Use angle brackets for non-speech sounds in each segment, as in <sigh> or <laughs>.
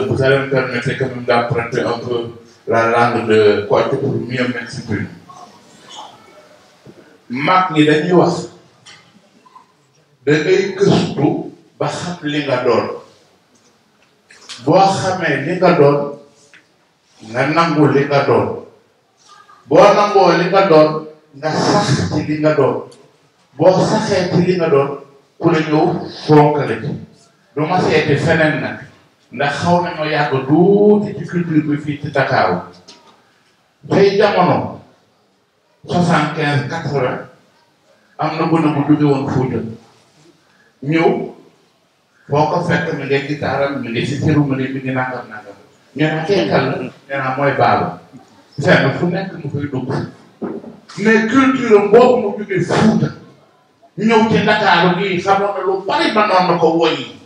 Donc vous allez me permettre quand même d'emprunter un peu la langue de Kwaito pour mieux m'exprimer. mag ñi dañuy wax da ngay gëstu ba xam li nga doon boo xamee li nga doon nga nangu li nga doon boo nangoo li nga doon nga sax ci li nga doon boo saxee ci li nga doon ku la ñëw fonk la ci du ma seeti feneen nag ndax xaw nañoo yàgg tuuti ci culture bi fii ci Dakar tey jamono soixante quinze quatre vingt am na gone bu jóge woon Fuuta ñëw foo ko fekk mi ngi gitaaral mi ngi si cëru mi ngi mi ngi nangam nangam ne keekal la ñu ne mooy baalu fenn fu nekk mu koy dugg culture am mu jóge Fuuta ñëw ci Ndakaaru gii xamoon na lu bari ba noonu ko woññi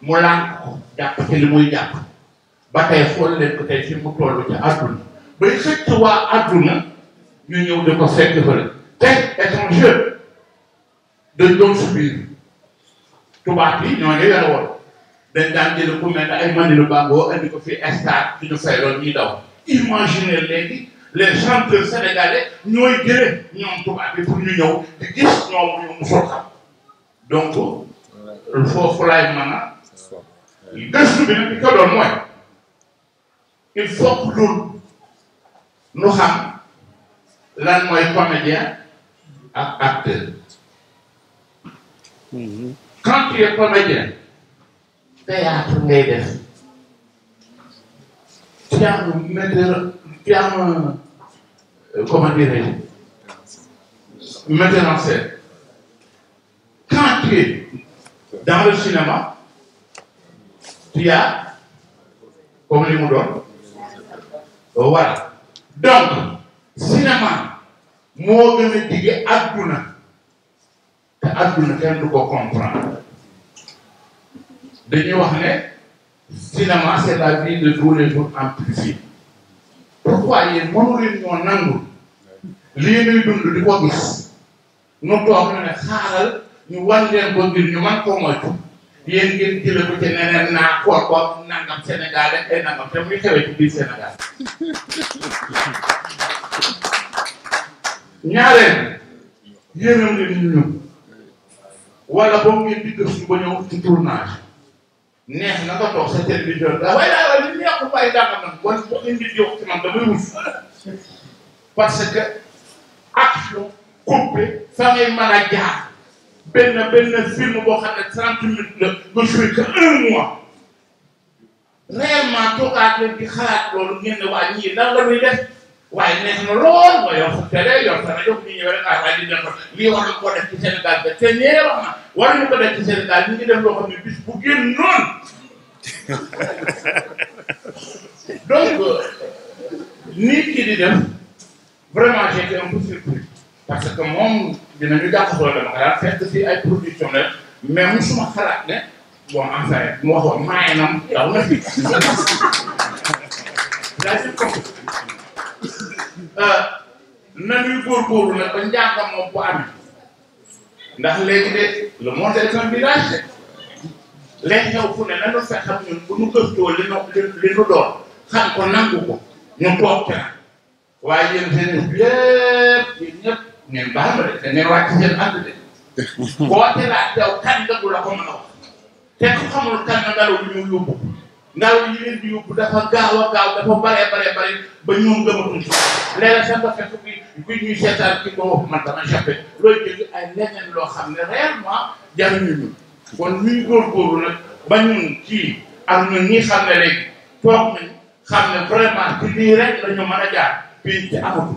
mu lànk ko jàpp ci li muy jàpp ba tey xool leen ko tey fi mu toll ci àdduna bay xëcc waa àdduna ñu ñëw di ko fekk fële tey étranger dañ doon subir tubaab yi ñoo ñu yore woon dañ daan jël ku mel ne ay Manilu di ñu fay loolu ñuy daw imaginer léegi les chanteurs sénégalais ñooy jële ñoom di gis ñoom ñu musul donc foofu laay mën a bien que moi, il faut que nous nous nous lan pas comédien à acteur. Mhm. quand tu es comédien. es tu as un metteur tu un euh, comment metteur en scène. quand tu es dans le cinéma. tuyaa comme li mu doon voilà donc cinéma moo gën a digg adduna te adduna kenn du ko comprendre dañuy wax ne cinéma c'est la vie de tous les jours amplifiée pourquoi lii nuy dund di ko gis nu toog na ne xaaral ñu wan leen ko ngir ñu man koo moytu yéen ngeen jëlee ko ci neneen naa xool ko nangam Sénégal ak ay nangam te muy xewee ci biir Sénégal. ñaareel yéenam leen ñu ñëw wala boo ngeen di gëstu ba ñëw ci tournage neex na nga toog sa télévision da waaye daal waaye li ñu yàqu bàyyi dàq man wala boo ngeen di jox ci man damay wut parce que action coupé fa ngay mën a jaar. benn benn film boo xam ne trente minutes la nga joué que un mois réellement toogaat leen di xalaat loolu ngeen ne waa ñii lan la muy def waaye neex na lool nga yor sa télé yor sa rajo bu ñu ñëwee di ah, dem ba lii war na koo def te ñee wax na war nañu ko def ci Sénégal ñu loo xam ne bis bu génn <laughs> donc euh, nit ki di def vraiment j'étais un peu surpris parce que moom dinañu jàppale dama xalaat fekk fii ay production la mais mu suma ne bon en fait mu waxoon maay nam daw na fi. daa jël kooku euh, nañuy góorgóorlu nag ba njàngam moom bu amee ndax léegi de le monde est un village léegi xew fu ne nañu fexe xam ñun bu ñu gëstoo li li ñu doon xam ko ko ñu toog ca waaye yéen seen yëpp yéen ñëpp. ngeen baal ma de te ngeen wàcc seen laa teew kan nga du ko mën a wax. te ku xamul kan na ngelaw li ñu yóbbu. ngelaw yi leen yóbbu dafa gaaw a gaaw dafa bare bare bare ba ñoom gëmatuñ si. léeg-léeg sax nga fekk bi bi ñuy seetaan ci boobu man dama jafe looy dégg ay leneen loo xam ne réellement jaruñu ñun. kon ñuy góorgóorlu nag ba ñun kii am na ñi xam ne léegi toog nañ xam ne vraiment ci lii rek ñu mën a jaar bii ci amatul.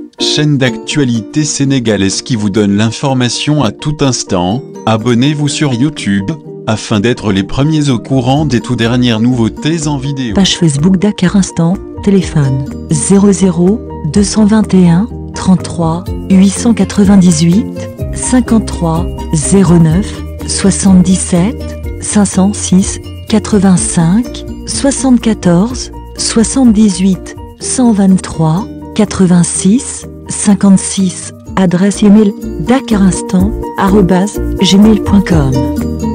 chaîne d'actualité sénégalaise qui vous donne l'information à tout instant, abonnez-vous sur YouTube, afin d'être les premiers au courant des tout dernières nouveautés en vidéo. Page Facebook Dakar Instant, téléphone 00 221 33 898 53 09 77 506 85 74 78 123 86 56, adresse email dakarinstant.gmail.com